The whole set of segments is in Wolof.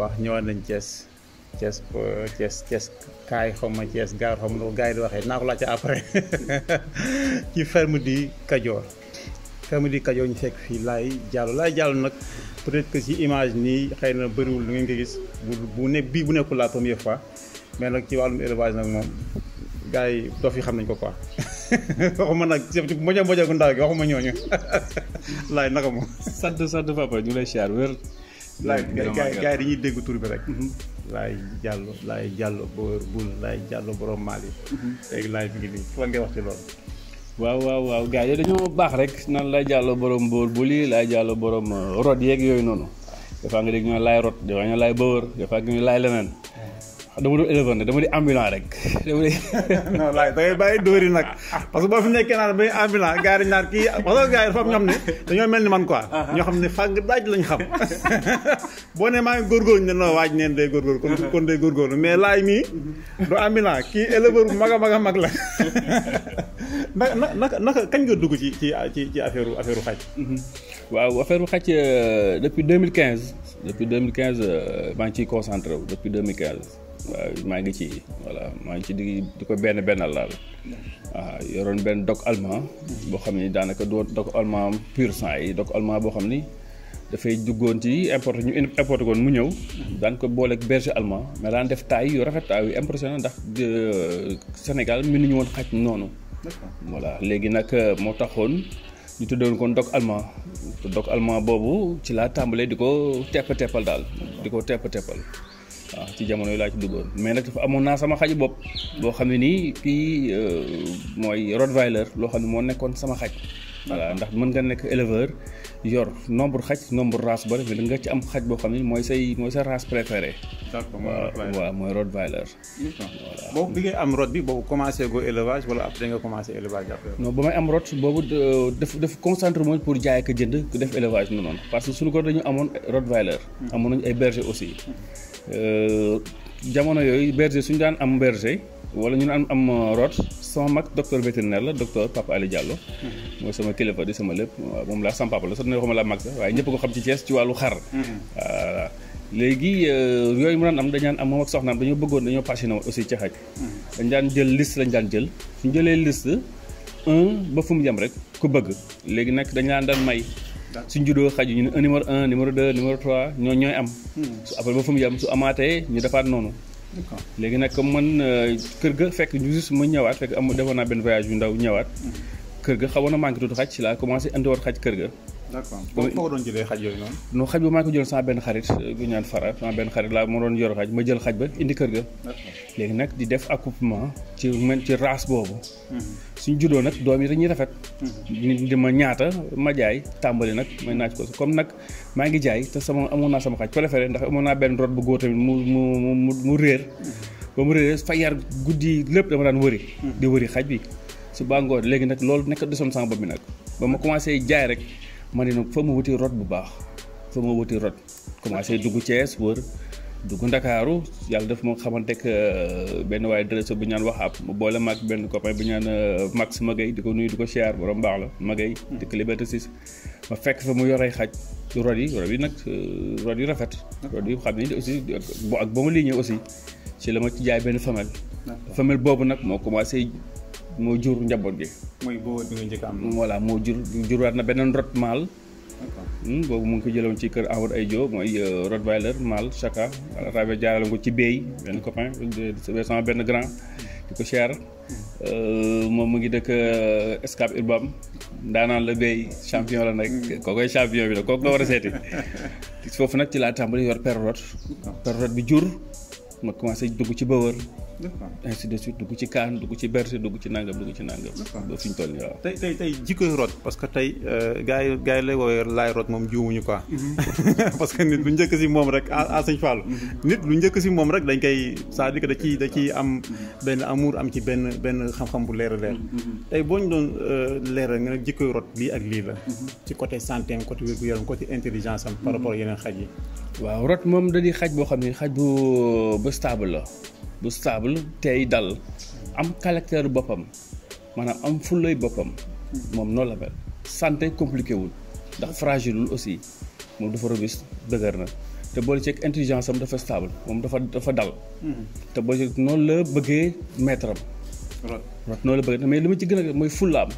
baax ñëwaat nañ cees Thiès Thiès Thiès kaay xaw ma Thiès gaar xaw ma nu ko gars yi di waxee naa ko laajte après ci ferme di Kajoor ferme di Kajoor ñu fekk fii laay Diallo laay Diallo nag peut-être que ci image nii xëy na bëriwul lu ngeen ko gis bu bu ne bii bu nekkul la première fois mais nag ci wàllum élevage nag moom gars yi dof yi xam nañ ko quoi waxuma nag ci moja moja gu ndaw gi waxuma ñooñu laay naka moom. sant sant papa ñu lay siyaar wér. laay gars yi dañuy dégg tur bi rek. Mhm. laay jàllo laay jàll boor bul laay jàllo borom maal yi. Mhm. léegi laay ngi nii fan ngay wax ci loolu. waaw waaw waaw gars yi dañoo baax rek naan laay jàllo borom boor buli laay jàllo borom rod yeeg yooyu noonu. des fois nga dégg ñu laay rot des fois ñu laay boor des fois ñu laay leneen. dama doon éleveur nag dama di ambulant rek. dama di bàyyi dóori nag parce que boo fi nekkee naan bay ambulant gars yi naan kii parce que gars yi dafa am ñoom ne dañoo mel ni man ko uh-huh. ñoo xam ne fàgg daaj lañ xam. boo nee maa ngi góorgóorlu ne non waaj neen de góorgóorlu. kon uh-huh. kon day mais laay mii du ambulant kii éleveur mag a mag a mag la. naka naka naka kañ nga dugg ci ci ci ci affaire affaire xaj. Uh-huh. waaw affaire xaj euh, depuis 2015 depuis 2015 euh, maa ngi ciy concentré wu depuis 2015. waaw maa ngi ci voilà maa ngi ci di di ko benn bennal laal waaw yoroon benn dog allemand boo xam ni daanaka doo dog allemand pur sang yi dog allemand boo xam ni dafay duggoon ci importé ñu importé koon mu ñëw daan ko booleeg berger allemand mais daan def taay yu rafet taay yu impressionnant ndax euh, Sénégal mënuñu woon xaj noonu voilà léegi nag euh, moo taxoon ñu tuddoon kon dog allemand dog allemand boobu ci laa tàmbalee di ko tepp teppal daal di ko tepp teppal waaw ci jamono yi laa ci duggoon mais nag dafa amoon naa sama xaju bopp boo xam ne nii kii euh, mooy rottweiler loo xam ne moo nekkoon sama xaj voilà ndax mën nga nekk éleveur yor nombre xaj nombre race ba mais da nga ci am xaj boo xam ne mooy say mooy sa race préférée d'accord mooy rod voilà boobu bi ngay am rot bi boobu commencé go élevage wala après nga commencé élevage après non ba am rot boobu euh, def def concentré mooy pour jaay ak jënd def élevage noonu parce que suñu ko dañu amoon rottweiler hmm. amoon nañu ay berger aussi hmm. Eh, jamono yooyu berger suñu daan am berger wala ñu am am euh, root sama mag docteur vétérinaire la docteur papa ali diallo mhm. mooy sama kilifa di sama lépp moom laa sama papa la sax ne waxuma la mag sax waaye ñëpp ko xam ci Thiès ci wàllu xar mhm. léegi euh, yooyu mu daan am dañaan am moom ak soxnaam dañoo bëggoon dañoo passionné woon aussi ci xaj mhm. dañ daan jël liste lañ daan jël suñ jëlee liste un ba fu mu yem rek ku bëgg léegi nag dañ daan daan may su suñ juddoo xaju ñu ne numéro 1 numéro 2 numéro 3 ñoo ñooy am. Hmm. su après ba fu mu yem su amaatee ñu defaat noonu. léegi nag comme man euh, kër ga fekk ñu juste ma ñëwaat fekk am defoon naa benn voyage yu ndaw ñëwaat. Hmm. kër ga xawoon na manqué tuuti xaj ci laa commencé andiwaat xaj kër ga. d'accord boobu foo ko doon jëlee xaj yooyu noonu. non xaj ba maa ko jël sama benn xarit bu euh, ñaan fara sama benn xarit laa moo doon yor xaj ma jël xaj ba indi kër ga. léegi nag di def accouplement ci man ci boobu. Mhm. suñ juddoo nag doom yi dañuy rafet. Mhm. nit di ma ñaata ma jaay tàmbali nag may naaj ko comme nag maa ngi jaay te sama amoon naa sama xaj préféré ndax amoon naa benn rot bu góor tamit mu mu mu mu réer. Mhm. ba mu réer fa yar guddi lépp dama daan wëri. di wëri xaj bi su baa léegi nag loolu nekk desoon sama bopp bi nag ma ne nag fa ma wuti rot bu baax fa ma wuti rot commencé dugg Thiès wër dugg ndakaaru yàlla daf ma xamante ak euh, benn waaye dresseur bu ñaan waxaab mu boole mag benn copain bu ñaan euh, max magay di ko nuyu di ko siyaar borom baax la magay hmm. dëkk liberté 6 ma fekk fa mu yoree xaj rod yi rod yi nag euh, rod yi rafet rod yi xam ne aussi ak ba ma liggéey aussi ci la ma ci jaay benn femelle femelle boobu nag moo commencé moo jur njaboot gi. mooy boobu bi nga njëkk am. voilà moo jur jurwaat na benn rot maal. Hmm, boobu mu ngi ko jëloon ci kër Amadou Aydio mooy euh, Rottweiler maal Chaka. rabe jaarale ko ci béy benn copain sama benn grand. di euh, moom mu ngi dëkk euh, Escape Urbam. daanaan la béy champion la nag. Hmm. kookoy champion bi la kooku nga war a seeti. foofu nag ci laa tàmbali yor perrotte. perrotte bi jur. ma commencé dugg ci Bawër. ainsi de suite dugg ci Kaan dugg ci Bercy dugg ci nangam dugg ci nangam. ba fi ñu toll nii waaw. tey tey tey jikkoy root parce que tey euh, gars yi gars yi lay woowee laay root moom juumuñu quoi. Mhm. parce que nit lu njëkk si moom rek ah, ah sëñ Fallou. Mhm. nit lu njëkk si moom rek dañ koy c'est-à-dire que da ciy da ciy am mhm. benn amour am ci benn benn xam-xam bu leer a leer. tey boo ñu doon euh, leeral nga ne jikkoy root lii ak lii la. ci côté santé côté wér-gu-yaram côté intelligence am. par rapport yeneen xaj yi. waaw rot moom da xaj boo xam ne xaj bu bu stable la bu stable tey dal am caractère boppam maanaam am fullay boppam moom noonu la mel santé compliqué wul ndax fragile wul aussi moom dafa robuste dëgër na te boole ceeg intelligence am dafa stable moom dafa dafa dal hmm. te boole ceeg noonu la bëggee maître am rot noonu la bëggee mais li ma ci gën a mooy fullaam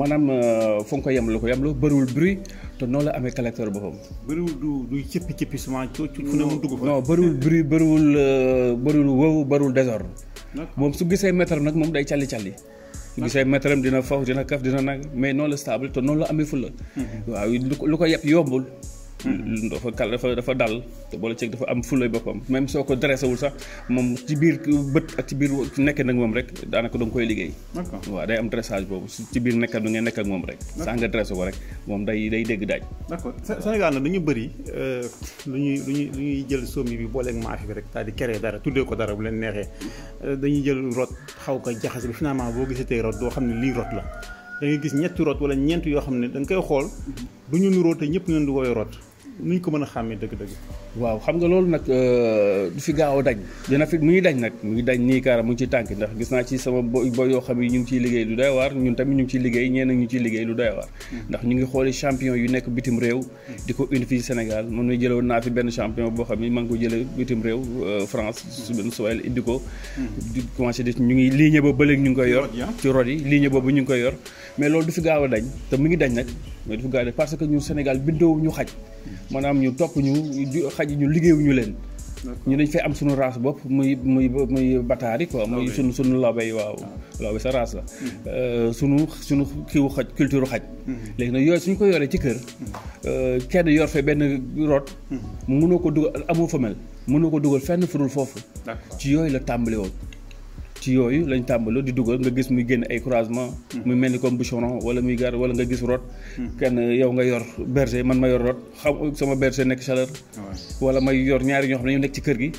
maanaam euh, fo nga ko yemloo ko yemloo bëriwul bruit te noo la amee collecteur boppam. bëriwul du du cëppi cëppi souvent fu ne mu dugg fa. non bëriwul bruit bëriwul euh, bëriwul wow bëriwul désordre. moom su gisee mètre nag moom day calli calli. su gisee mètre dina faw dina kaf dina nag mais noonu la stable te noonu la amee fulla mhm. waaw lu ko lu ko yeb yombul. dafa kal dafa dafa dal te boole ceeg dafa am fulay boppam même soo ko dressé wul sax moom ci biir bët ak ci biir nekkee nag moom rek daanaka da koy liggéey waaw day am dressage boobu ci biir nekkat du ngeen nekk moom rek sax nga dressé ko rek moom day day dégg daaj d'accord Sénégal nag dañu bëri euh, lu ñuy lu ñuy jël sommi bi booleeg maafe bi rek c'est-à-dire créer dara tuddee ko dara bu leen neexee euh, dañuy jël rot xaw ko jaxase bi finalement boo gisee tey rot doo xam ne lii rot la da ngay gis yoo xam ne da nga koy xool mm-hmm. du ñu di woowee nu ñu ko mën a xàmmee dëgg-dëgg. waaw xam nga loolu nag euh, du fi gaaw a dañ dina fi muy dañ nag muy dañ nii kaara mu ngi ci tànk ndax gis naa ci sama boy boy yoo xam ne ñu ngi ciy liggéey lu doy waar ñun tamit ñu ngi ciy liggéey ñeen ak ñu ciy liggéey lu doy waar hmm. ndax ñu ngi xooli champion yu nekk bitim réew di ko indi fii Sénégal man na jëlewoon naa fi benn champion boo xam ne maa ngi ko jële bitim réew euh, France su benn suwayl indi ko hmm. di ñu ngi ligne boobu ba léegi ñu ngi koy yor ci rod yi ligne boobu ñu ngi koy yor mais loolu du fi gaaw a dañ te mu ngi dañ nag mais dafa gaaw parce que ñu Sénégal bindoo ñu xaj maanaam ñu topp ñu xaj ñu liggéeyu leen ñu dañ fay am suñu race bopp muy muy muy bataari ko muy sunu sunu lawbéy waaw ah. lawbéy sa race la euh, sunu sunu xaj culture xaj hmm. léegi nag yooyu suñ ko yoree ci kër hmm. euh, kenn yor fe benn root hmm. mënoo ko dugal amoo femelle mënoo ko dugal fenn furul foofu ci yooyu la tàmbali woon ci yooyu lañ tàmbaloo di dugal nga gis muy génn ay croisement hmm. muy mel ni comme boucheron wala muy gar wala nga gis rot hmm. kenn yow nga yor berger man ma yor rot xam sama berger nekk chaleur wala may yor ñaari ñoo xam ne ñu nekk ci kër gi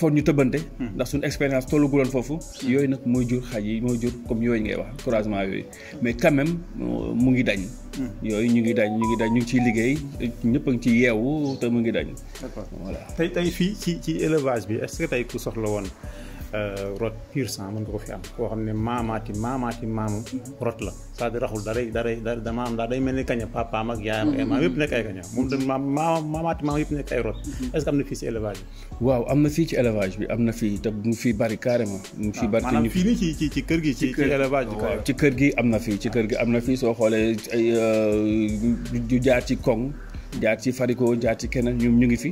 fon ñu tëbante hmm. ndax suñu expérience tollu guloon foofu yooyu nag mooy jur xaj yi mooy jur comme yooyu ngay wax croisement yooyu mais quand même euh, mu ngi dañ yooyu ñu ngi dañ ñu ngi dañ ñu ngi ciy liggéey ñëpp a ngi ciy yeewu te mu ngi dañ voilà tey tey fii ci ci élevage bi est ce que tey ku soxla woon Euh, rot pur sang mën nga ko fi am koo xam ne maamaati maamaati maamu rot la c'est-à-dire raxul daray daray da maam daa day mel ni kaña papaam ak yaayam ak mm-hmm. maam yëpp nekk ay kaña moom da maam maamaati maam yëpp nekk ay rot mm-hmm. est-ce que am na fii si élevage bi waaw am na fii ci élevage bi am na fii te mu fi bari carrément mu fi ah, bari maanaam fii nii ci ci ci kër gi ci ci élevage bi ci kër gi am na fii ci kër gi am na fii soo xoolee ay euh, du jaar ci koŋ jaar ci fariko jaar ci kenn ñoom ñu ngi fi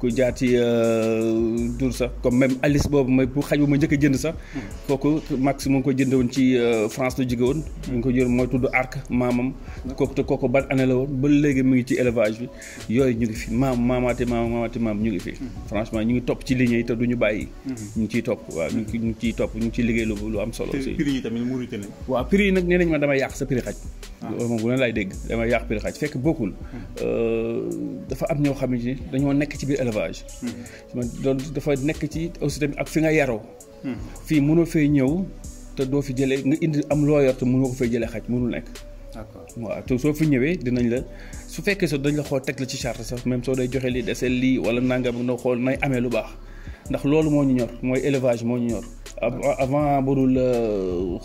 ku jaar ci euh, dur sax comme même Alice boobu mooy bu xaj bu ma njëkk a jënd sax. Hmm. kooku Max mu ngi ko jënd ci euh, France la jóge hmm. mooy tudd arc maamam. kooku te kooku ban année ba léegi mu ngi ci élevage bi yooyu ñu ngi fi maam maamaate maam maamaate maam ñu ngi fi. Hmm. franchement ñu ngi topp ci liggéey te du ñu bàyyi. ñu ngi ciy topp waaw ñu ngi ñu topp ñu ngi ciy liggéey lu am solo. prix yi nag nee nañ ma damay yàq sa prix xaj. Ah. loolu moom bu leen laay dégg damay élevage loolu dafa nekk ci aussi tamit ak fi nga yaroo fii mënoo fay ñëw te doo fi jëlee nga indi am loo yor te mënoo ko fay jëlee xaj mënul nekk d'accord waaw te soo fi ñëwee dinañ la su fekkee sax dañ la xool teg la ci charte sax même soo day joxe lii dese lii wala nangam na xool nay amee lu baax ndax loolu moo ñu ñor mooy élevage moo ñu ñor avant budul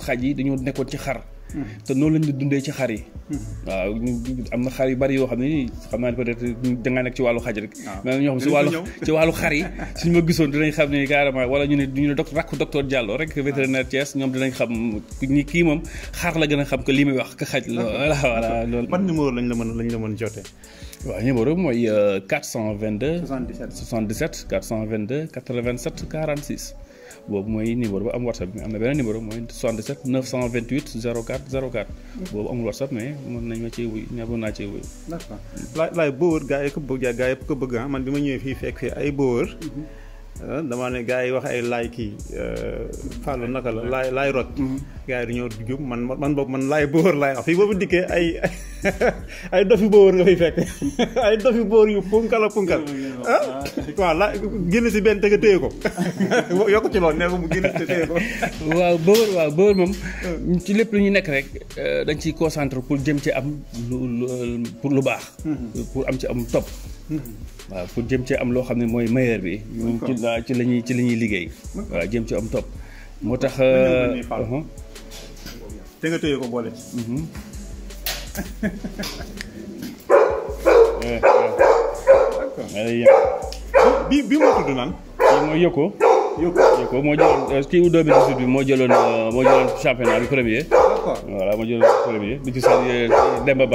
xaj yi dañoo nekkoon ci xar Mm-hmm. te noonu lañ la dundee ci xar yi. Mm-hmm. waaw am na xar yu bari yoo xam ne nii xam naa ne peut nekk ci wàllu xaj rek. waaw ah. ñoo xam si wàllu ci wàllu xar yi suñu ma gisoon dinañ xam ne carrément wala ñu ne ñu ne doc rakk docteur Diallo rek ah. vétérinaire Thiès ñoom dinañ xam kii moom xar la gën a xam que lii muy wax que xaj la ah. voilà voilà loolu. ban numéro lañ la mën lañ la mën jotee. waaw numéro bi mooy 422. 77 77 422 87 46. boobu mooy numéro ba am whatsapp mais am na beneen numéro mooy 77 928 04 04. boobu amul whatsapp mais mën nañ ma cee wuy ñebe naa cee wuy. laay laay boobu gaa yi ko bëgg gaa yi ko bëgg ah man bi ma ñëwee fii fekk fii ay boobu. Mhm. Euh, damaa ne gars yi wax ay laay kii euh, Fallou naka la laay laay rot. Mm-hmm. gars yi du ñëw jub man man boobu man laay boor laay wax fii boobu dikkee ay ay dofi boor nga fiy fekk ay dofi boor yu punkal a punkal. Ah, waaw la génn si benn te nga ko yokk ci loolu nee mu génn si téye ko. waaw boor waaw boor moom. ci lépp lu ñu nekk rek euh, dañ ciy concentré pour jëm ci am lu pour lu baax. Mm-hmm. pour am ci am topp. waaw pour jëm ci am loo xam ne mooy meilleur bi. ñun ci la ci la ñuy ci la ñuy liggéey. waaw jëm ci am topp. moo tax. Euh, uh-huh. te nga tëye ko boole. Mm-hmm. Eh, eh. Eh, bi moo tudd naan. mooy jëloon euh, bi moo jëloon euh, moo jëloon championnat bi premier. voilà moo jëloon premier bi ci seen Demba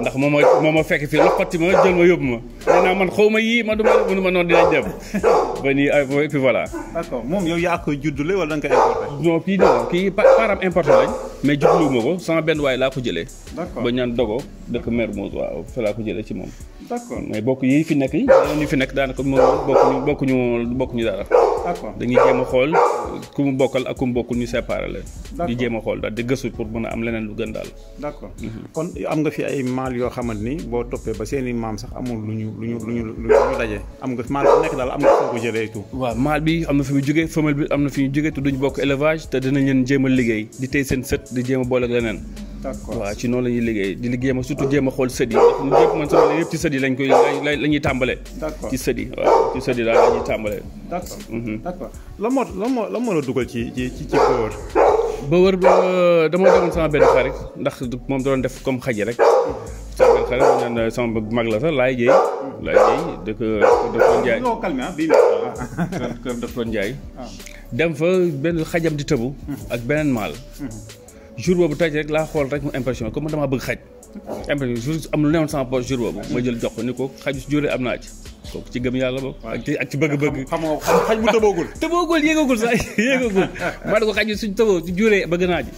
ndax moom mooy moom fekk fii loppati ma jël ma yóbbu ma nee naa man xaw ma yii ma du ma mënu ma noonu dinañ dem ba nii et puis voilà. d'accord moom yow yaa ko juddule wala da nga ko importé. non kii non kii param importé lañ mais juddlu ma ko sama benn waay laa ko jëlee. d'accord ba ñaan dogo dëkk Mermoz waaw fa laa ko jëlee ci moom. d'accord mais bokk yii fi nekk yi ñu fi nekk daanaka moom bokkuñu bokkuñu bokkuñu dara. d'accord dañuy jéem a xool ku mu bokkal ak ku mu bokkul ñu séparer leen. di jéem a xool daal di gëstu pour mën a am leneen lu gën daal. d'accord mhm. kon am nga fi ay maal yoo xamante ni boo toppee ba seen i maam sax amul lu ñu lu ñu lu ñu lu ñu daje am nga maal bu nekk daal am nga foo ko jëlee tout. waaw maal bi am na fi mu jógee femelle bi am na fi ñu jógee te duñ bokk élevage te dinañ leen jéem a liggéey di tey seen sët di jéem a boole ak leneen waaw ci noonu la ñuy liggéey di liggéey ma surtout jéem a xool sëdi ndax mu jëpp man sama yëpp ci sëdi lañ koy la ñuy tàmbale ci sëdi waaw ci sëdi daal la ñuy tàmbale d' accord mhm. d' accord lan moo lan moo lan moo la dugal ci ci ci ci bëwër bëwër ba dama demoon sama benn xarit ndax moom doon def comme xaji rek sama xarit ñu naan sama mag la sax laay jéy laay jéy dëkk dëkkoon njaay ñoo calme ah bii kër dëkkoon njaay dem fa benn xajam di tëbu mhm. ak beneen maal mhm. jour boobu taj rek laa xool rek mu impression comme man damaa bëgg xaj. impression jour am lu newoon sama poche ko ni ko xaju si jure am naa ci. kooku ci gëm yàlla boobu. ak ci ak ci bëgg-bëgg. xam nga xaj bu tëboogul. tëboogul yéegagul sax yéegagul ma ne ko xaju suñ tëboo su juree bëgg naa ji.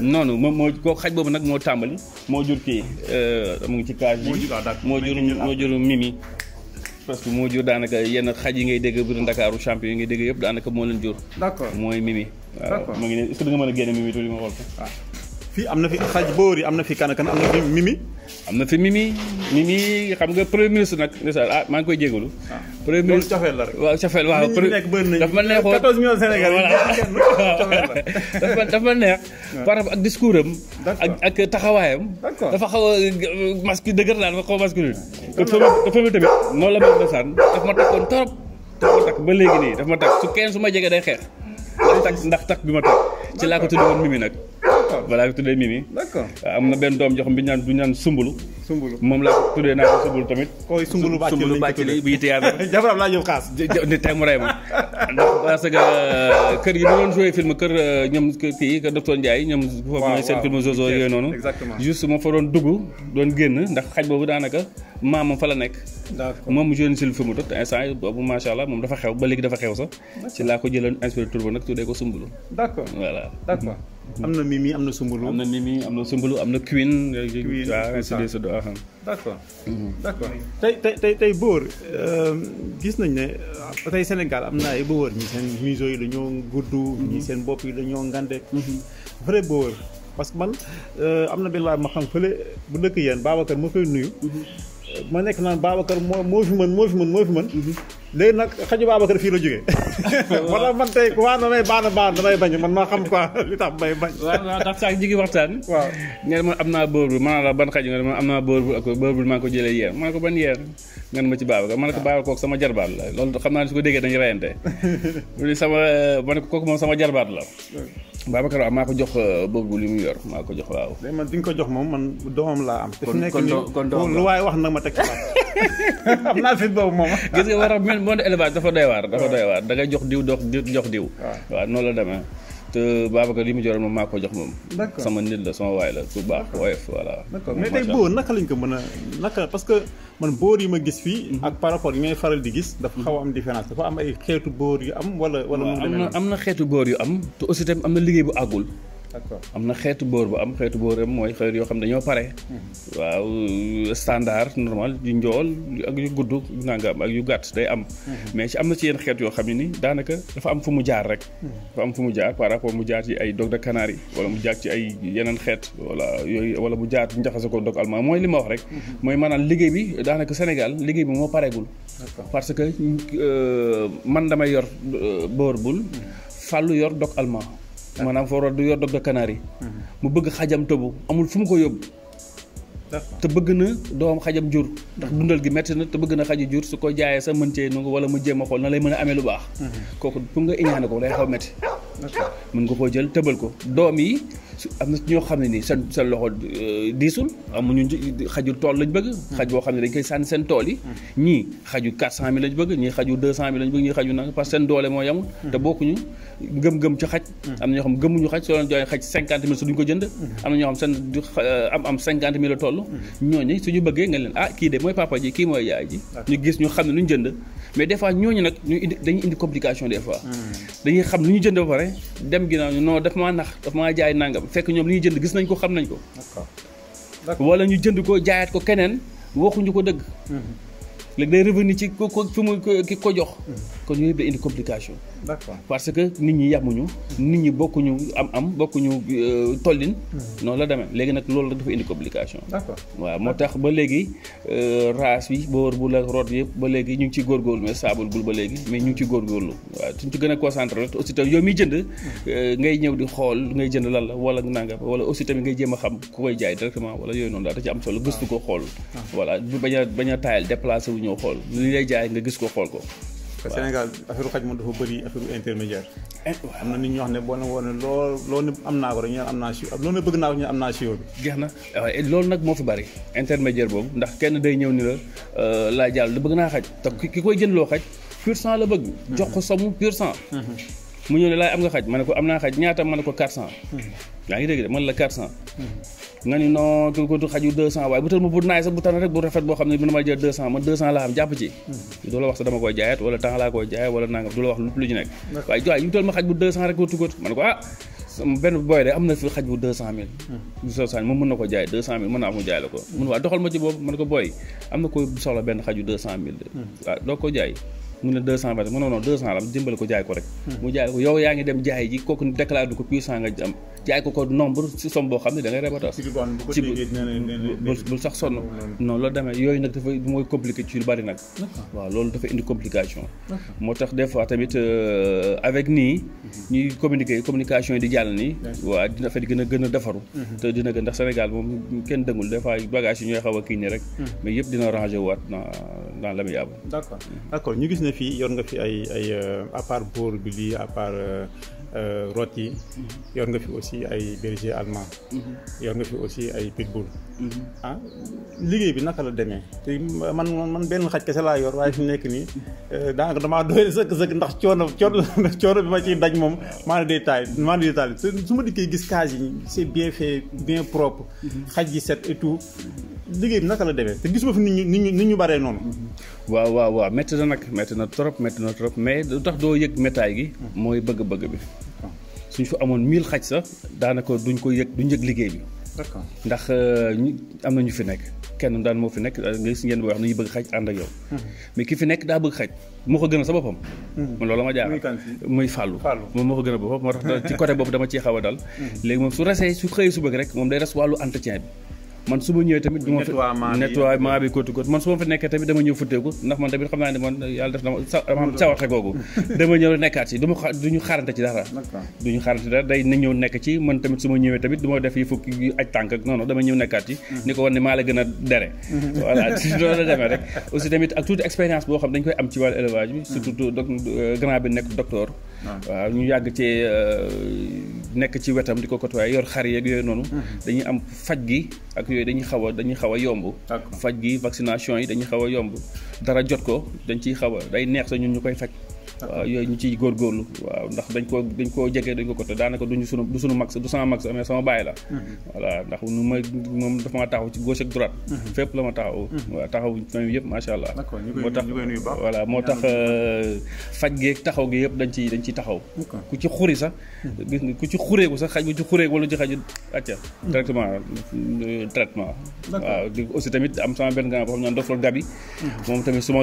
noonu moom moo kooku xaj boobu nag moo tàmbali moo jur kii euh, mu ngi ci cage bi moo jur ah, ah. moo jur mimi parce que moo jur daanaka yenn xaj yi ngay dégg biir Ndakaaru champion yi ngay dégg yëpp daanaka moo leen jur. d'accord mooy Mimi. d'accord mu ngi ne est-ce mën a génne Mimi tuuti ma xool ko. waaw ah. am na fi xaj boori am na fi kan kan am na fi Mimi. am na fi Mimi Mimi xam nga premier ministre nag ah maa ngi koy jégalu. Ah. premier ministre loolu la rek. waaw cofeel waaw daf ma neexoon 14 millions Sénégal daf ma neex. par rapport ak discours am. ak ak taxawaayam. dafa xaw a masque dëgër daal dafa xaw a masculine. te premier tamit la ma desaan daf ma takkoon trop. daf ma takk ba léegi nii daf ma takk su kenn su ma jege day xeex. ndax takk ndax takk bi ma takk ci laa ko tuddi woon mimi nag. voilà tuddee Mimi. d'accord am na benn doom jox bi ñaan du ñaan sumbulu. sumbulu moom laa ko tuddee naa ko sumbulu tamit. kooy sumbulu bàcc sumbulu bàcc li bu yitte yàlla. jafaram laa ñëw xaas. ni tey ma ndax parce euh, kër yi ma doon joué film kër euh, ñoom kii kër docteur Ndiaye ñoom. waaw waaw seen film Zozo yooyu noonu. exactement juste fa doon dugg doon génn ndax xaj boobu daanaka maamam fa la nekk. d'accord moom mu joué si film dot instant yi boobu macha allah moom dafa xew ba léegi dafa xew sax. ci laa ko jëloon inspiré tur ba nag tuddee ko Sumbulu. d'accord voilà d'accord. Mm-hmm. am na Mimi am na Sumbulu. am na Mimi am na Sumbulu am na Queen. Queen waaw ah, ainsi de suite waaw. Ah. d'accord mm-hmm. d'accord tey tey tey tey Boor euh, gis nañ ne euh, tey Sénégal am na ay Boor ñi seen museau yi dañoo gudd. Mm-hmm. ñi seen bopp yi dañoo ngande. vrai Boor parce que man euh, am na benn waay ma xam fële bu dëkk yéen Babacar ma koy nuyu. ma nekk naan Babacar moo moo fi mën moo fi mën moo fi mën. Mhm. léegi nag xaju Babacar fii la jógee. wala man tey waaw damay baana baan damay bañ man maa xam quoi li tax may a waaw ndax sax waxtaan. waaw ngeen ma am naa boobu ma ban xaju nga ne ma am naa boobu ak boobu ko jëlee yeer maa ko ban yeer ngeen ma ci Babacar ma ne ko Babacar kooku sama jarbaat la loolu xam naa ne su ko déggee dañuy rayante. sama ma ne ko kooku moom sama jarbaat la. Babacar waaw maa ko jox euh, bëggu li mu yor maa ko jox waaw. mais man di nga ko jox moom man doomam laa am. te fi nekk nii lu waaye wax nag ma teg ci am naa fit boobu moom. gis nga war a mel monde élevage dafa doy waar dafa doy waar da jox diw dox diw jox diw. waaw noonu la demee. te Babacar li mu joroon moom maa ko jox moom. sama nit la sama waay la su baax woyof voilà. d'accord mais tey bóor naka lañ ko mën a naka parce que man bóor yi ma gis fii. Mhm. ak par rapport yi ngay faral di gis. dafa xaw a am différence dafa am ay xeetu bóor yu am wala. wala mu am na am na xeetu bóor yu am te aussi tamit am na liggéey bu àggul. d'accord am na xeetu boor bu am xeetu booram mooy xeet yoo xam ne dañoo pare. Mhm. waaw standard normal yu njool ak yu gudd nangam ak yu gàtt day am. Mhm. mais ci am na ci yenn xeet yoo xam ne ni daanaka dafa am fu mu jaar mhm. fu mu jaar par rapport mu jaar ci ay dog de yi wala mu jaar ci ay yeneen xeet wala yooyu wala mu jaar njaxase ko dog allemand mooy li ma wax rek. mooy maanaam liggéey bi daanaka Sénégal liggéey bi moo pareegul. parce que euh, man damay yor euh, boor bul. fàllu yor dog allemand. maanaam foro du yor dog de kanaari mu bëgg xajam tëbu amul fu mu ko yóbbu te bëgg na doom xajam jur ndax dundal gi metti na te bëgg na xaju jur su ko jaayee sa mën cee nangu wala mu jéem a xool na lay mën a amee lu baax mhm. kooku pour nga iñaane ko lay xaw metti mën nga koo jël tëbal ko doom yi am na ñoo xam ne nii seen seen loxo euh, diisul amuñu xaju tool lañ bëgg hmm. xaj boo xam ne dañ koy sànni seen tool yi hmm. ñii xaju 400 mille lañ bëgg ñii xaju 200 mille lañ bëgg ñii xaju nag parce que seen doole moo yamul hmm. te bokkuñu gëm-gëm ci xaj am na ñoo xam gëmuñu xaj soo leen joxee xaj 50 mille ko jënd am na ñoo xam seen euh, am am 50 mille la toll ñooñu suñu bëggee nga leen ah kii de mooy papa ji kii mooy yaay ji ñu gis ñu xam ne luñ jënd mais des fois ñooñu nak ñu indi dañuy indi complication des fois. dañuy xam lu ñu jënd ba pare dem ginnaaw ñu non daf maa nax daf maa jaay nangam fekk ñoom li ñuy jënd gis nañ ko xam nañ ko. wala ñu jënd ko jaayaat ko keneen waxuñu ko dëgg. Mhm. léegi day revenir ci ko ko fi mu ko jox. Mhm. kon yooyu yëpp da indi complication. parce que nit ñi yàmmuñu nit ñi bokkuñu am-am bokkuñu euh, tollin. Hmm. noonu la demee léegi nag loolu dafa indi complication. d'accord waaw moo tax ba léegi euh, race bi boor bu la root yëpp ba léegi ñu ngi ci góorgóorlu mais saabul bul ba léegi mais ñu ngi ci góorgóorlu waaw ñu ci gën a concentré aussi tamit yow miy jënd. Hmm. Euh, ngay ñëw di xool ngay jënd lan la wala nangam wala aussi tamit ngay jéem xam ku koy jaay directement wala yooyu noonu daal da am solo gëstu ko xool. Ah. voilà bañ a bañ a taayal déplacé wu ñëw xool li nga gis ko xool te Sénégal affaire xaj moom dafa bëri affaire intermédiaire eh, am na nit ñoo ne boo na woon ne loo loo ne am naa ko rek ñu am naa si loolu ne bëgg am naa si yow bi jeex na eh, eh, loolu nag moo fi bëri intermédiaire boobu ndax kenn day ñëw ni la euh, laa jàll da bëgg naa xaj te ki koy jënd loo xaj pur cent la bëgg mhm. jox ko somu pur cent mhm. mu ñëw ne laay am nga xaj ma ne ko am naa xaj ñaata ma ne ko quatre cent mhm. yaa ngi dégg de man la quatre cent nga ni non kii ko xaju 200 waaye bu tën bu naay sax bu tànn rek ne bi dama jël 200 man 200 laa am jàpp ci hmm. du la wax sax dama koy jaayaat wala temps laa jaayaat wala nangam du la wax lu ci nekk waaye waaye yu tël ma xaj bu 200 rek bu tugut man ko ah benn booy de am na fi xaj bu 200000 200 hmm. moom mën na ko jaay 200000 mën naa amu jaay la ko hmm. mun waa doxal ma ci boobu man ko booy am na ko soxla benn xaju 200000 de waaw doo jaay mu ne 200 ba mu ne non 200 la dimbale ko jaay ko rek. Hmm. mu jaay ko yow yaa ngi dem jaay ji kooku déclaré ko puissant nga am jaay ko ko nombre si somme boo xam ne da ngay reportage. ci bul sax sonn. non loolu demee yooyu nag dafa mooy compliqué ci lu bari nag. waaw loolu dafa indi complication. moo tax des fois tamit euh, avec nii. Hmm. ñuy communiquer communication yi di jàll nii. waaw dina fa di gën a gën a defaru. Hmm. te dina gën ndax Sénégal moom kenn dëngul des fois bagages yi ñooy xaw a kii nii rek. mais yëpp dina rangé waat dans dans la muy d'accord d'accord ñu gis na fii yor nga fi ay ay euh, à part boor bi lii à part euh, euh, rot yi yor nga fi aussi ay berger allemand yor nga fi aussi ay pitbull mm-hmm. ah liggéey bi naka la demee te man man benn xaj kese laa yor waaye fi nekk nii daanaka dama doy sëkk sëkk ndax coono coono coono bi ma ciy daj moom maa ngi détail maa ngi détail su ma dikkee gis cage yi c'est bien fait bien propre mm-hmm. xaj yi set et tout liggéey bi naka la demee te ma fi nit ñu nit ñu nit ñu noonu mm-hmm. waaw waaw waaw métti na nag métti na trop métti na trop mais lu tax doo yëg métaay gi. mooy bëgg-bëgg bi. Ah. suñ fi amoon 1000 xaj sax daanaka duñ ko yëg duñ yëg liggéey bi. ndax euh, am na ñu fi nekk kenn daan moo fi nekk nga gis ngeen boo wax ne ñu bëgg xaj ànd ak yow. Hmm. mais ki fi nekk daa bëgg xaj moo ko gën a sa boppam. Hmm. man loolu ma jaaxal muy fàllu moom moo ko gën a boppam moo tax ci côté boobu dama ciy xaw a dal. Hmm. léegi moom su resee su xëyee su bëgg rek moom day res wàllu entretien bi. man su ma ñëwee tamit du ma fi nettoiement bi côté côté man su ma fi nekkee tamit dama ñëw futteeku ndax man tamit xam naa ne man yàlla def na ma dama am dama ñëw nekkaat ci du ma du dara day na ñëw nekk ci man tamit su ñëwee tamit du def yi fukki yu aj tànk ak non non dama ñëw nekkaat ci mm-hmm. ni ko wan ne maa la gën a dere mm-hmm. voilà ci loolu la demee rek aussi tamit ak toute expérience boo xam dañ koy am ci wàllu élevage bi mm-hmm. surtout euh, grand bi nekk docteur ah. waaw ñu yàgg ci euh, nekk ci wetam di ko côtoyer yor xar yeeg yooyu noonu mm-hmm. dañuy am faj gi ak yooyu dañuy xaw a dañuy xaw a yomb faj gi vaccination yi dañuy xaw a yomb dara jot ko dañ ciy xaw a day neex sa ñun ñu koy faj waaw yooyu ñu ciy góorgóorlu waaw ndax dañ koo dañ koo jege dañ ko côté daanaka duñu sunu du suñu mag du sama mag mais sama bàyyi la mhm. voilà ndax moom dafa ma taxaw ci gauche ak droite mhm. la ma taxaw mhm. waaw taxaw famille yëpp macha allah moo tax voilà moo tax euh, faj geeg taxaw yëpp dañ ci dañ ciy taxaw ku ci xuri sax gis nga ku ci xureeku sax xaj bu ci xureeku wala ci xaju acca directement euh, traitement waaw di aussi tamit am sama benn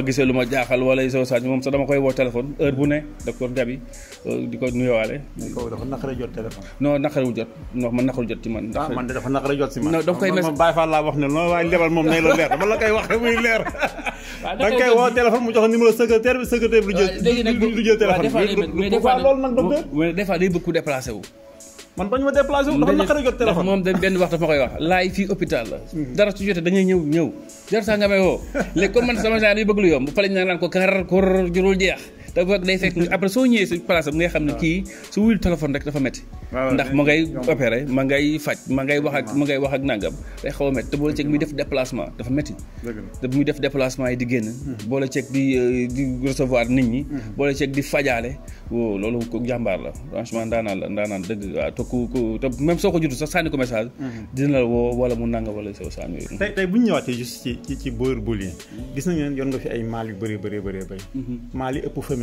gisee lu ma jaaxal wala sa saaj moom sax dama koy woo téléphone heure bu ne docteur Gabi di ko nuyowaale. ko dafa naqare jot téléphone. non naqare wu jot non man naqare jot ci man. ah man de dafa naqare jot ci man. non daf koy mes man Baye Fall laa wax ne non waaye lebal moom nay la leer dama la koy wax muy leer. da nga koy woo téléphone mu jox numéro secrétaire bi secrétaire bi du jël. léegi nag du jël téléphone bi. mais des fois loolu docteur. mais des day bëgg ku wu. man bañ ma déplacé wu dafa naqare jot téléphone moom benn wax dafa koy wax laay fii hôpital la hmm. dara su jotee dañuy ñëw ñëw jar sa nga may woo comme man sama genre yi bëgg lu yomb fa lañ naan ko kar kor jurul jeex dafa day fekk après soo ñëwee si place am ngay xam ne kii su wuyul téléphone rek dafa métti ndax ma ngay opéré ma ngay faj ma ngay wax ak ma ngay wax ak nàngam day xaw a métti te boole ceeg muy def di génn hmm. boole ceeg di euh, di recevoir nit ñi hmm. boole ceeg di fajaale woo loolu ko jàmbaar la franchement ndaanaan la ndaanaan dëgg waaw te ku ku te même soo ko jutu sax sànni ko message hmm. dina la woo wala mu nànga wala soo sànni yooyu tey tey bu ñu ci ci ci boor yi gis nañu yoon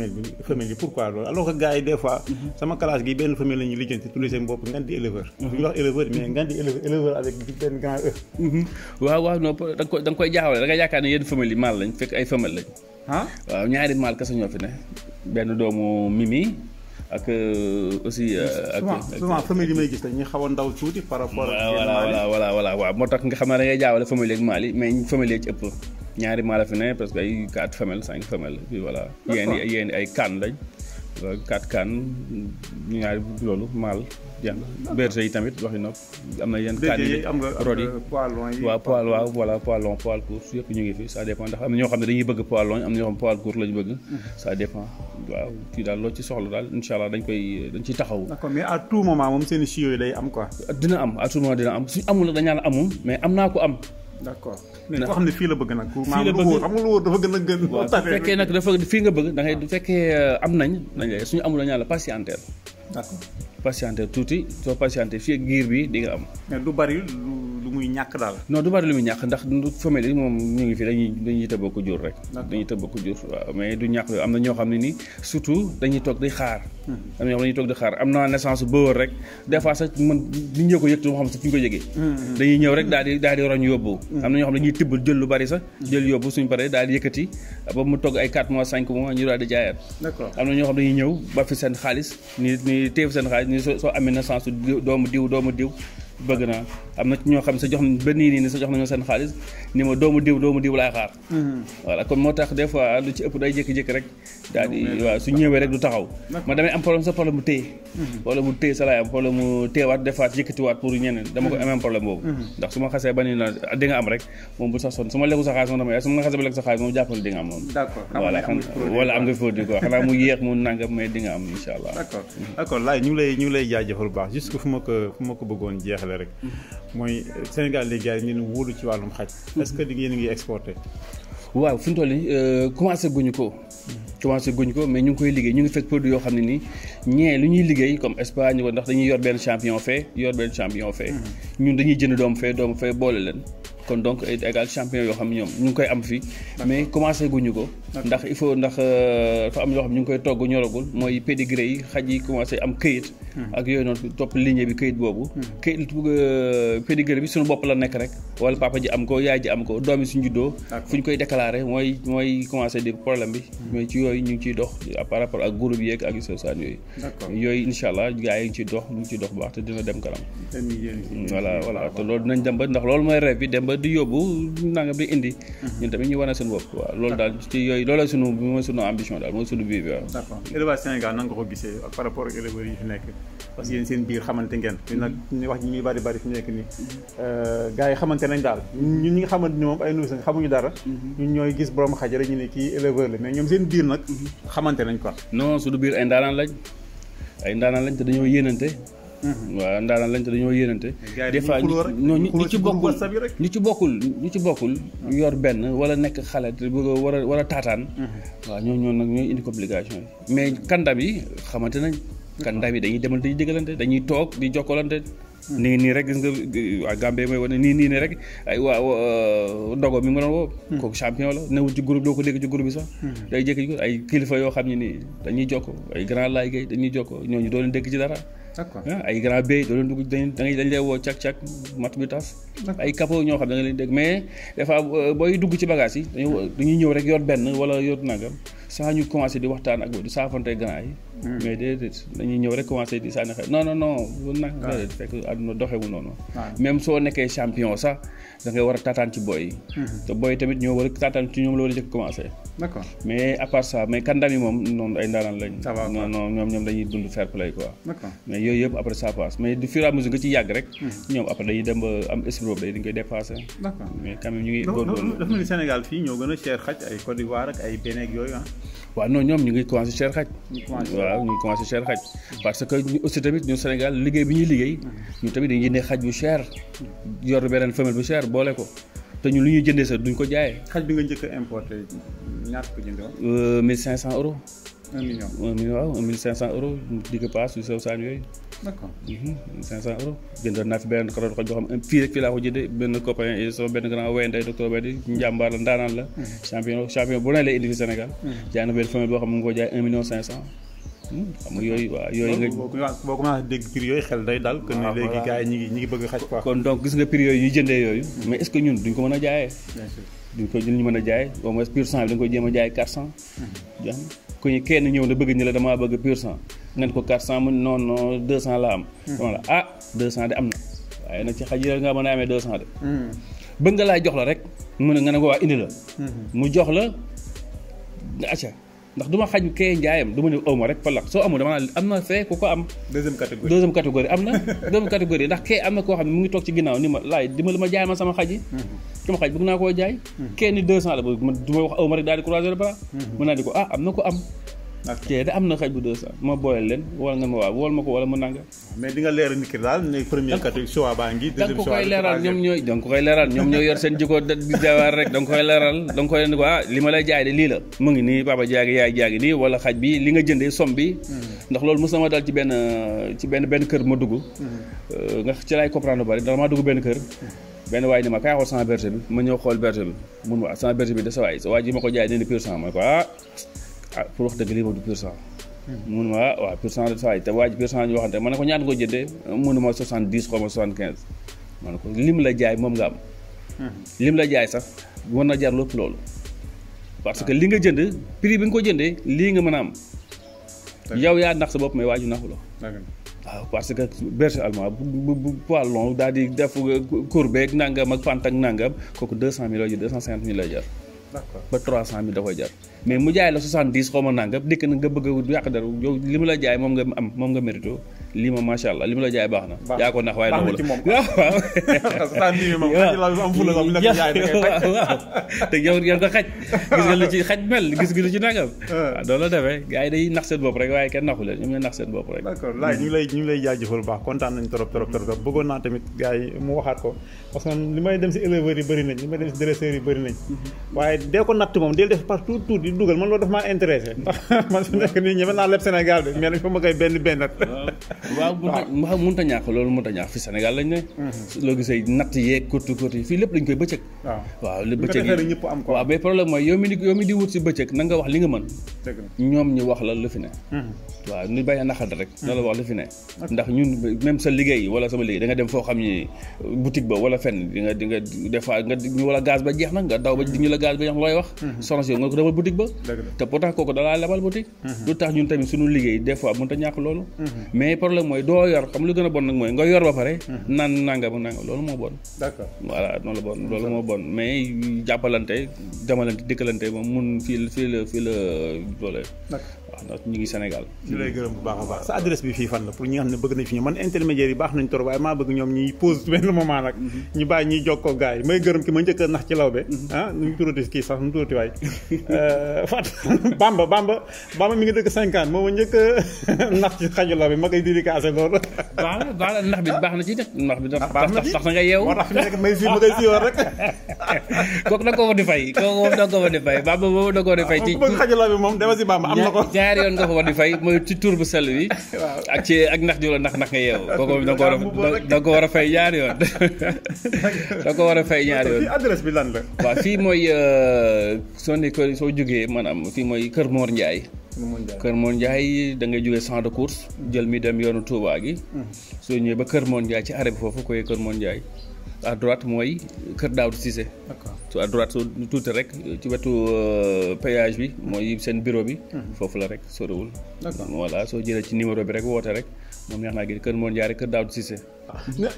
nga femelle bi femelle bi pourquoi loolu alors que gars yi des fois mhm. sama classe gi benn femelle la ñuy lijjanti tuddee seen bopp ngan di éleveur bu mhm. ñu wax éleveur mais E mhm. waaw waaw non da nga koy da nga da nga yaakaar ne yéen femelle yi mâle fekk ay femelle lañ ah waaw euh, euh, a ndaw tuuti par rapport ak. waaw moo tax nga xam ne da ngay jaawale famille ak maal yi mais famille yi ci ëpp. ñaari mala fi ne parce que ay 4 femelles 5 femelles puis voilà yeen yeen ay kan lañ euh, quatre kan ñaari loolu mal jàng berger yi tamit waxi nopp am na yenn kan yi rod yi waaw poil waaw voilà poil long poil court yëpp ñu ngi fi ça dépend ndax am na ñoo xam ne dañuy bëgg poil long am na ñoo xam poil court lañ bëgg mhm. ça dépend waaw kii daal loo ci soxla daal incha allah dañ koy dañ ci taxaw d'accord mais à tout moment moom seen chiyo yi day am quoi dina am à tout moment dina am suñ amul nag dañ naan amul mais am naa ko am d' accord mais koo xam ne fii la bëgg nag. fii la bëgg maanaam lu wóor amul lu wóor dafa gën a gën. waaw su fekkee nag dafa fii nga bëgg da ngay du fekkee euh, am nañ nañ lay suñu amul ñaan la patienter. d' accord patienter tuuti soo patienter fii ak giir bi di nga am. mais du bari muy ñàkk daal. non du bari lu muy ñàkk ndax famille yi moom ñu ngi fii dañuy dañuy tëbba ko jur rek. dañuy tëbba ko jur waaw mais du ñàkk am na ñoo xam ne ni surtout dañuy toog di xaar. Hmm. am na toog di xaar am naa naissance bëwër rek des fois sax man li ñëw ko yëg moo xam sax fi ko yëgee. Hmm, hmm. dañuy ñëw rek daal di daal di roñ yóbbu. am na ñoo xam dañuy tibb jël lu bari sax. jël yóbbu suñ paree daal di yëkkati ba mu togg ay 4 mois 5 mois ñu daal di jaayaat. am na ñoo xam ne dañuy ñëw ba fi seen xaalis ni ni teew seen xaalis ni soo amee naissance doomu diw doomu diw bëgg naa am na ci ñoo xam sa jox ba nii nii sa jox nañu seen xaalis ni ma doomu diw doomu diw laay xaar hmm. voilà kon moo tax des fois lu ci ëpp day jékki-jékki rek daal di waaw su ñëwee rek du taxaw ma damay am problème sa problème mu téye hmm. problème mu téye sa laay am problème mu téyewaat des fois yëkkatiwaat pour ñeneen dama ko hmm. amee problème boobu ndax su ma xasee ba nii na di nga am rek moom bu sax son su ma lekku sa xaalis moom damay su ma xasee ba lekk sa xaalis moom jàppal di nga am moom voilà wala am nga produit quoi xanaa mu yéex mu nangam mais di nga am incha allah d'accord d'accord laay ñu lay ñu ngi lay jaajëfal baax juste que fu ma ko fu ma ko bëggoon jeexal waxtaanee rek. mooy euh, Sénégal léegi yaa ngi wóolu ci walum xaj. est-ce que yéen a ngi exporter waaw fi mu euh nii commencé guñu ko. commencé guñ ko mais ñu ngi koy liggé ñu ngi fekk produit yo xamni ni nii ñee lu ñuy liggéey comme Espagne ko ndax dañuy yor ben champion fee yor ben champion fee. Mm-hmm. ñun dañuy jënd doom fee doom fee boole len kon donc égal champion yo xamni ñom ñu ngi koy am fi mais commencé guñu ko. ndax il faut ndax euh, dafa am yoo xam ñu ngi koy togg ñoragul mooy pédigré yi xaj commencé am këyit hmm. ak yooyu noonu topp ligne bi këyit boobu hmm. këyit euh, pédigré bi suñu bopp la nekk rek wal papa ji am ko yaay ji am ko doomi suñu juddoo fu ñu koy déclaré mooy mooy commencé di problème bi mais hmm. ci yooyu ñu ngi ciy dox par rapport ak groupe yeeg ak sosaan yooyu yooyu insha allah gars yi dox ñu ngi dox baax te dina dem kanam voilà voilà te loolu dinañ dem ba ndax loolu mooy rêve bi dem ba di yóbbu nangam di indi ñun tamit ñu wane seen bopp waaw ci loolay loolay sunu mooy sunu ambition daal mooy sunu biir bi waaw. d' accord élevage par rapport ak éleveurs yi fi nekk parce que yéen seen biir xamante ngeen. ñu nag ñu wax euh, yi xamante nañ daal ñun ñi nga xamante ni moom ay nuus lañ xamuñu dara. Mhm. ñun ñooy gis borom xaj rek ñu ne kii éleveur la mais ñoom seen biir nag. Mhm. xamante nañ quoi. non sunu biir ay ndaanaan lañ ay ndaanaan lañ te dañoo yéenante Mm-hmm. waaw ndaanaan lañ te dañoo yéenante des fois ñi ci bokkul ñi ci bokkul ñu ci bokkul yor benn wala nekk xale te bëgg a war a war a taataan mm-hmm. waaw ñoo ñoo nag ñooy indi complication yi mais kandam yi xamante nañ kandam yi dañuy demal dañuy toog di jokkalante mm-hmm. nii nii rek gis nga waa Gambie mooy wane nii nii nii rek ay waa ndogo mi nga doon woo. kooku champion la newul ci groupe doo ko dégg ci groupe bi sax. day jékki ay kilifa yoo xam ne nii dañuy jokk ay grand laay gay dañuy jokk ñooñu doo leen ci dara. d'accord ah, ay grand bay doo leen dugg dañ dañ lay woo cak-cak mat bi tas ay capo ñoo xam da nga leen dégg mais des fois euh, booy dugg ci bagage yi dañuy ñëw rek yor benn wala yor nangam saa ñu commencé di waxtaan ak du saafante grand yi hmm. mais déedéet dañuy ñëw rek commencé di sànni xel non non non lu nag ah. déedéet fekk àdduna doxewu noonu ah. même soo nekkee champion sax da ngay war a taataan ci booy yi hmm. te booy tamit ñoo war a taataan ci ñoom la war jëkk commencé d'accord mais à part ça mais Kandami moom noonu ay ndaanaan lañ. ñoom ñoom dañuy dund fair play quoi. mais yooyu yëpp après ça passe mais du fur et à mesure nga ci yàgg rek. Hmm. ñoom après dañuy dem ba am esprit boobu dañu mais quand ñu ngi. góorgóorlu dafa mel ni Sénégal fii ñoo gën a cher xaj ay Côte d'Ivoire ak ay Bénin ak yooyu ah. waaw ñoom ñu ngi commencé cher xaj. waaw ñu ngi commencé cher xaj. parce que ñu aussi tamit ñu Sénégal liggéey bi ñuy liggéey. Hmm. ñu tamit dañuy ne xaj bu cher. Hmm. yor beneen femelle bu cher boole ko te ñu lu ñuy jëndee sax duñ ko jaayee. xaj bi nga njëkk a importé ñaata ko jëndee. Euh, 1500 million 1 million waaw 1500 euros di ko paas yu sew saan yooyu. d'accord 500 mhm, euros jëndoon naa fi benn karoot ko joxam fii rek fii laa ko jëndee benn copain sama benn grand wayante ay docteur Obedi njàmbaar la ndaanaan la. Mhm. champion champion bu ne lay indi Sénégal. Mhm. jaay na benn famille boo xam ne mu ko jaay 1 million 500. xam nga yooyu waaw yooyu nga. boo commencé dégg prix yooyu xel day dal. waaw ah, léegi gars yi ñu ngi ñu ngi bëgg a xaj quoi. kon donc gis nga prix yooyu ñuy jëndee yooyu. mais est-ce que ñun duñ ko mën a jaayee. duñ ko duñ mën a jaay au moins ko kenn ñëw na bëgg ñu la damaa bëgg pur sang. ngeen ko 400 mu non non 200 la am. dama la ah 200 de am na. waaye nag ci xaj yi nga mën a amee 200 de. bëgg nga laay jox la rek. mu ne nga ne ko waa indi la. mu jox la acca ndax duma ma kee njaayam du ma ne awma rek falak soo amul dama naan am na fee ku ko am deuxième catégorie deuxième catégorie am na deuxième catégorie ndax kee am na koo xam ne mu ngi toog ci ginnaaw ni ma laay dimbali ma jaay ma sama xaj yi mhm. xaj bëgg naa koo jaay mhm. kee ni deux cent la du ma wax awma rek daal di croiser le bras mhm. naa di ko ah am na ko am ok da am na xaj bu 200 ma booyal leen wala nga ma waaw wol ma ko wala mu nanga. Ah, mais di nga leeral nit ki daal ne premier catégorie choix baa ngi. deuxième choix da nga ko koy leeral ñoom ñooy da nga ko koy leeral ñoom ñooy yor seen jikko jawaar rek da nga koy leeral da nga koy leen ko ah li ma lay jaay de lii la. mu ngi nii papa jaagi yaay jaagi nii wala xaj bi li nga jëndee somme bi. Hmm. ndax loolu mos na ma dal ci benn ci benn benn kër ma dugg. Hmm. Euh, nga ci laay comprendre bari ndax maa dugg benn kër. Hmm. benn waay ni ma kaay xool sama berger bi ma ñëw xool berger bi mun waa ah, sama berger bi de sa waay sa waay ji ma ko jaay ne ni pur sang ma ko ah ah pour wax dëgg lii moom du pour cent. mënu ah, waaw pour cent de saa te waa ji pour cent ñu waxante ma ne ko ñaata ko jëndee mënu ma soixante dix xaw ma soixante quinze. ma ne ko lim la jaay moom nga am. Hmm. lim la jaay sax war na jar lépp loolu. parce que ah. li nga jënd prix bi nga ko jënde lii nga mën a am. yow yaa nax sa bopp mais waaju naxu la. waaw ah, parce que berger allemand bu bu poids long daal di def euh, courbe ak nangam ak pant ak nangam kooku deux cent mille lay jar deux cent cinquante mille cent mille da koy mais mu jaay la 70 xaw ma nangam dikk na nga bëgg a yàq dara yow li mu la jaay moom nga am moom nga mérito lii ma macha allah li mu la jaay baax na. yaa ko nax waaye nangu la baax na ci moom te yow yow nga xaj. gis nga lu ci xaj defee gars yi day nax seen bopp rek waaye kenn naxu leen ñoom ñooy nax seen bopp rek. d'accord laaj ñu ngi lay ñu ngi lay jaajëfal baax kontaan nañ trop trop trop bëggoon naa tamit gars yi mu waxaat ko parce li may dem si éleveurs yi bëri nañ li may dem si dresseurs yi bëri nañ. Mm-hmm. waaye dee ko natt moom deel def par tout tout di dugal man loolu daf maa intéressé. man su nekk nii ñeme naa leb Sénégal de mais waaw waaw mënut a ñàkk loolu mënut a ñàkk fi Sénégal lañ ne. Mhm. loo gisee natt yeeg kottu kottu fii lépp dañ koy bëccëg. waaw waaw li bëccëg yi ñëpp am ko. waaw mais problème mooy yow mi di yow mi la lu mhm. la mhm. wax lu fi ne. ndax ñun sa liggéey wala sama liggéey da nga dem foo xam ni boutique ba wala fenn di nga di ba jeex na nga daw ba di la gaz ba jeex looy wax. soxna si yow nga ko demal boutique ba. te pourtant kooku dalaa lebal boutique. lu tax ñun tamit suñu liggéey des fois mënut a ñàkk loolu problème mooy doo yor xam lu a bon nag mooy nga yor ba pare. Mhm. naan nangam ak nangam loolu moo bon. d'accord voilà moo bon mais jàppalante demalante dikkalante moom mun fii la fii la doole. waaw ndax ñu ngi Sénégal. ñu lay gërëm bu baax a baax sa adresse bi fii fan la pour ñi nga xam ne bëgg nañ fi ñëw man intermédiaire yi baax nañ trop waaye maa bëgg ñoom ñuy pause benn moment nag. Mhm. ñu bàyyi ñuy jokkoo gars yi may gërëm ki ma njëkk nax ci lawbe. Mhm. ah nu mu tuddati kii sax nu mu tuddati waay. Euh, Fat Bamba Bamba Bamba mi ngi dëkk 50 moom ma njëkk a nax ci xaju lawbe ma koy diri kaase loolu. baax na baax na nax bi baax na ci de. nax bi ah, tax tax tax nga yeewu. moo tax fi nekk may si ma koy si rek. kooku da ko fa di fay kooku moom da ko fa di fay Bamba moom da ko di fay ci. Ah, bëgg xaju lawbe moom dama si Bamba am na ko ñaari yoon nga ko war di fay mooy ci tour bu sell bi. ak ci ak ndax ju la ndax ndax nga yeewu. kooku da ko war a ko war a fay ñaari yoon. da ko war a fay ñaari yoon adresse bi lan la. waaw fii mooy euh, soo nekkee soo jógee maanaam fii mooy Kër Mor Ndiaye. Kër Mor Ndiaye da ngay jógee champ de course. jël mi dem yoonu tuubaa gi. Mm. soo ñëwee ba Kër Mor Ndiaye ci arrêt foofu koy Kër Mor Ndiaye. à droite mooy Kër Daoud Cissé. a droite soo tuuti rek ci wetu euh, péage bi mooy seen bureau bi. Hmm. foofu la rek sorewul. voilà soo jëlee ci numéro bi rek woote rek moom neex naa gis kër Mor Ndiaye Kër Daoud Cissé.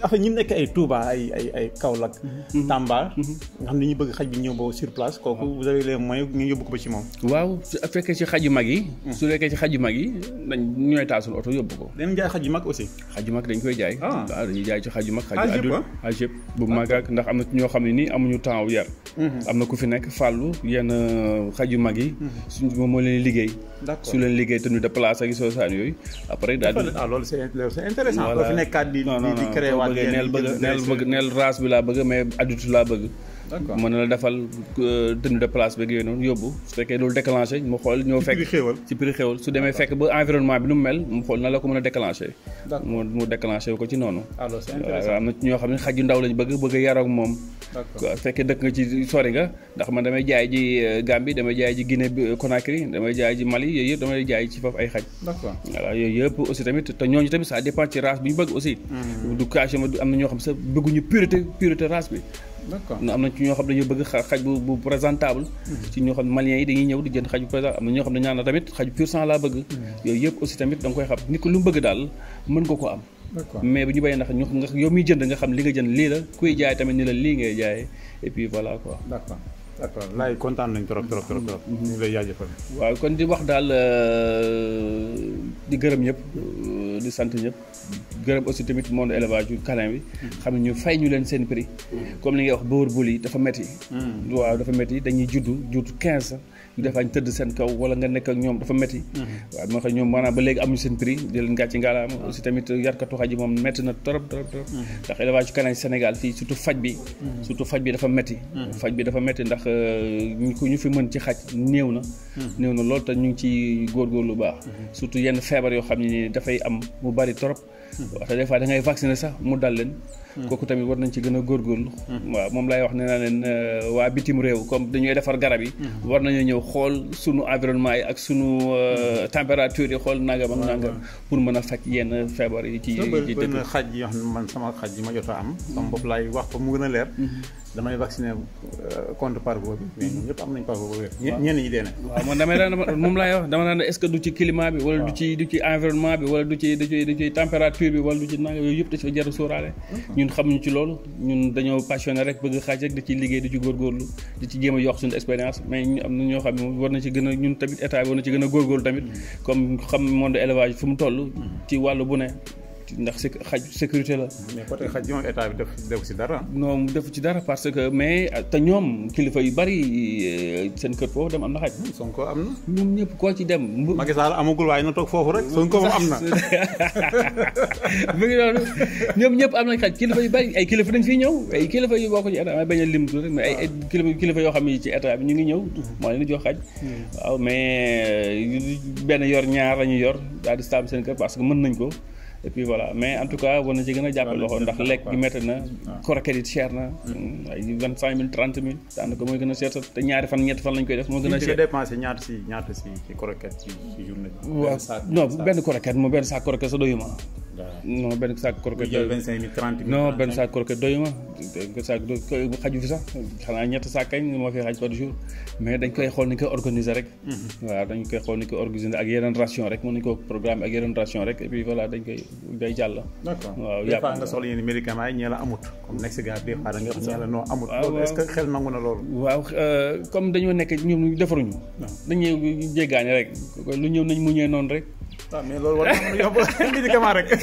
affaire ñi nekk ay Touba ay ay ay Kaolack. Mhm. Tamba. Mhm. Mhm. nga xam ne ñu bëgg xaj bi ñëw ba sur place kooku vous avez les moyens ñu yóbbu ko ba ci moom. waaw su fekkee ci xaj yu mag yi. su nekkee ci xaj yu mag yi dañ ñooy taal suñu oto yóbbu ko. dañu jaay xaj yu mag aussi. xaj yu mag dañ koy jaay. ah dañuy jaay ci xaj yu mag. xaj yu adulte yëpp bu mag ak ndax am nag ñoo xam ne nii amuñu temps wu yar Mhm. am na ku fi nekk fàllu yenn euh, xaj yu mag yi. Mhm. suñ moom moo leen liggéey. d'accord su leen liggéey tenue de place ak soo saan yooyu après. daal di ah loolu c'est intéressant. voilà non non non bëgg neel bëgg neel race bi laa bëgg mais adulte laa bëgg. d'accord mën na la defal euh, tenue de place beeg yooyu noonu yóbbu su fekkee loolu déclenché mu xool ñoo fekk ci prix xéwal su demee fekk ba environnement bi nu mu mel mu xool na la ko mën a déclenché mu mu déclenché ko ci noonu waaw ah, euh, am ñoo xam ne damay jaay ji euh, Gambie damay jaay ji Guinée Conakry damay jaay ji Mali yooyu yëpp damay jaay ci foofu ay xaj voilà yooyu yëpp aussi tamit te ñooñu tamit ça dépend ci race bi ñu bëgg aussi hmm. du cachet ma am na ñoo d'accord am na ci ñoo xam ne dañoo bëgg xaj bu bu présentable mm-hmm. ci ñoo xam ne maliens yi dañuy ñëw di jënd xaj bu présentable am na ñoo xam ne ñaan mm-hmm. bëgg daal mën nga ko am mais bu ñu béyee ndax yow muy jënd nga xam li nga jënd lii la kuy jaay tamit ni la lii ngay jaay et puis voilà quoi d'accord mm-hmm. kon di wax daal euh, di gërëm ñëpp di sant ñëpp gërëm aussi tamit monde élevage yu canin bi xam ñu fay ñu leen seen prix comme li ngay wax bëwër bul yi dafa metti hmm. waaw dafa metti dañuy juddu 15 ñu def añ tëdd seen kaw wala nga nekk ak ñoom dafa metti mhm. waaw moo xam ñoom maanaam ba léegi amuñu seen prix di leen gàcce ngaalaam aussi tamit yarkatu xaj yi moom metti na torop torop torop mhm. ndax élevage canage Sénégal fii surtout faj bi mhm. surtout faj bi dafa metti faj bi dafa metti ndax euh, ñu ko ñu fi mën ci xaj néew na néew na loolu te ñu ngi ci góorgóorlu baax surtout yenn feebar yoo xam ne dafay am mu bari torop waaw te des da ngay vacciner sax mu dal leen Hmm. kooku tamit war nañ ci gën a góorgóorlu hmm. waaw moom laay wax ne naa leen euh, waa bitim réew comme dañuy defar garab yi hmm. war nañu ñëw xool sunu environnement yi ak sunu euh, température yi xool nangam ak nangam pour mën a faj feebar yi ci ci dëkk xaj yoo xam ne ma a am sama bopp laay wax ko mu a leer damay vacciné euh, contre parvo bi mais ñun ñëpp am nañ parvo daan moom du ci climat bi wala du ci environnement bi wala du ci température bi wala du ci nangam yooyu yëpp da ci jar a sóoraale ñun xamuñu ci loolu ñun dañoo passionné rek bëgg xaaj rek di ci liggéey di ci góorgóorlu di ci jéem a yokk suñu expérience mais ñu am na ñoo xam ne war na ci gën a ñun tamit état na ci gën a góorgóorlu tamit comme xam monde élevage fu mu toll ci wàllu bu ne ndax si xaj sécurité la. mais côté xaj ñoom état bi def def si dara. non def ci dara parce que mais te ñoom kilifa yu bari euh, seen kër foofu dem am na xaj. Hmm, Sonko am na. ñëpp koo ci dem. Macky Sall amagul waaye na toog rek. Sonko moom am na. mu ngi noonu ñoom ñëpp am na xaj kilifa yu bari ay kilifa dañ fiy ñëw ay kilifa yu bokk ci état a lim ah. kilifa yoo xam ne ci état bi ñu ngi ñëw. moo hmm. leen di jox xaj. Hmm. waaw mais euh, benn yor ñaar la ñuy yor daal di sàmm seen kër parce que mën nañ ko. et voilà mais en tout cas war na ci gën a jàppale loxo ndax lekk gi métti na. croquette yi cher na. Hmm. Hmm, vingt cinq mille trente mille. daanaka mooy gën a cher sax te ñaari fan ñetti fan lañ koy def. moo gën a cher dépensé ñaata si ñaata si ci croquette ci journée benn croquette moom benn saako croquette sa doyuma. non benn sac croquette doy ma 25 000 30 000 non benn sac croquette doy xaju fi sax xanaa ñetti sac kañ moo fi xaj par jour dañ koy xool ni koy organiser rek mhm. waaw dañ koy day jàll waaw des nga soxla yenn médicament amut ah, xel nangu na loolu waaw euh, comme dañoo nekk ñoom defaruñu dañuy jéggaane rek lu ñëw nañ mu ñëw noonu rek ah,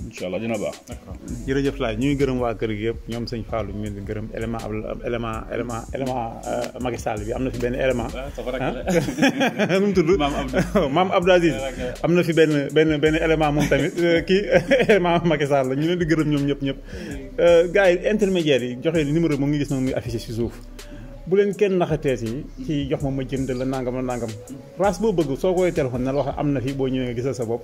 incha allah dina baax. d'accord jërëjëf laay ñuy gërëm waa kër gi yëpp ñoom sëñ Fallou ñu ngi leen di gërëm élément élément élément élément Macky Sall bi am na fi benn élément. ah nu mu tudd. maam Abdou maam Abdou Aziz. am na fi benn benn benn élément moom tamit kii élément Macky Sall la ñu leen di gërëm ñoom ñëpp ñëpp. gars yi intermédiaires yi joxe numéro mu ngi gis noonu muy affiché si suuf. bu leen kenn naxatee si ci jox ma ma jënd la nangam la nangam race boo bëgg soo koy téléphone na la wax am na fi boo ñëwee nga gisal sa bopp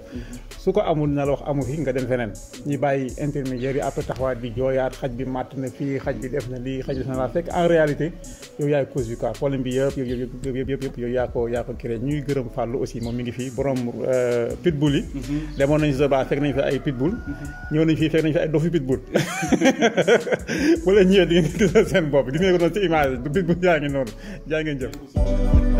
su ko amul na la wax amu fi nga dem feneen ñu bàyyi intermédiaire yi après taxawaat bi jooyaat xaj bi màtt na fii xaj bi def na lii xaj def na laa fekk en réalité yow yaay cause bi quoi bi yëpp yëpp yëpp yëpp yëpp yow yaa ko fii fekk nañu fi ay pitbull fi ay bu leen ñëwee di gisal seen bopp gis ngeen ko yaa ngi noonu jaa ngeen jëf